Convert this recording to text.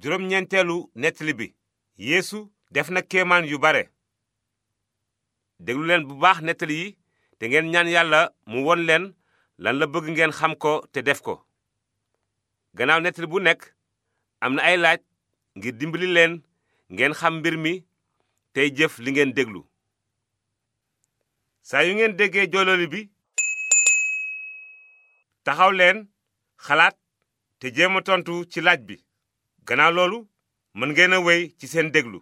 juróom ñeenteelu nettali bi yéesu def na kéemaan yu bare déglu leen bu baax nettali yi te ngeen ñaan yàlla mu won leen lan la bëgg ngeen xam ko te def ko gannaaw nettali bu nekk am na ay laaj ngir dimbali leen ngeen xam mbir mi tey jëf li ngeen déglu saa yu ngeen déggee jololi bi taxaw leen xalaat te jéema tontu ci laaj bi gannaaw loolu mën ngeen a wéy ci seen déglu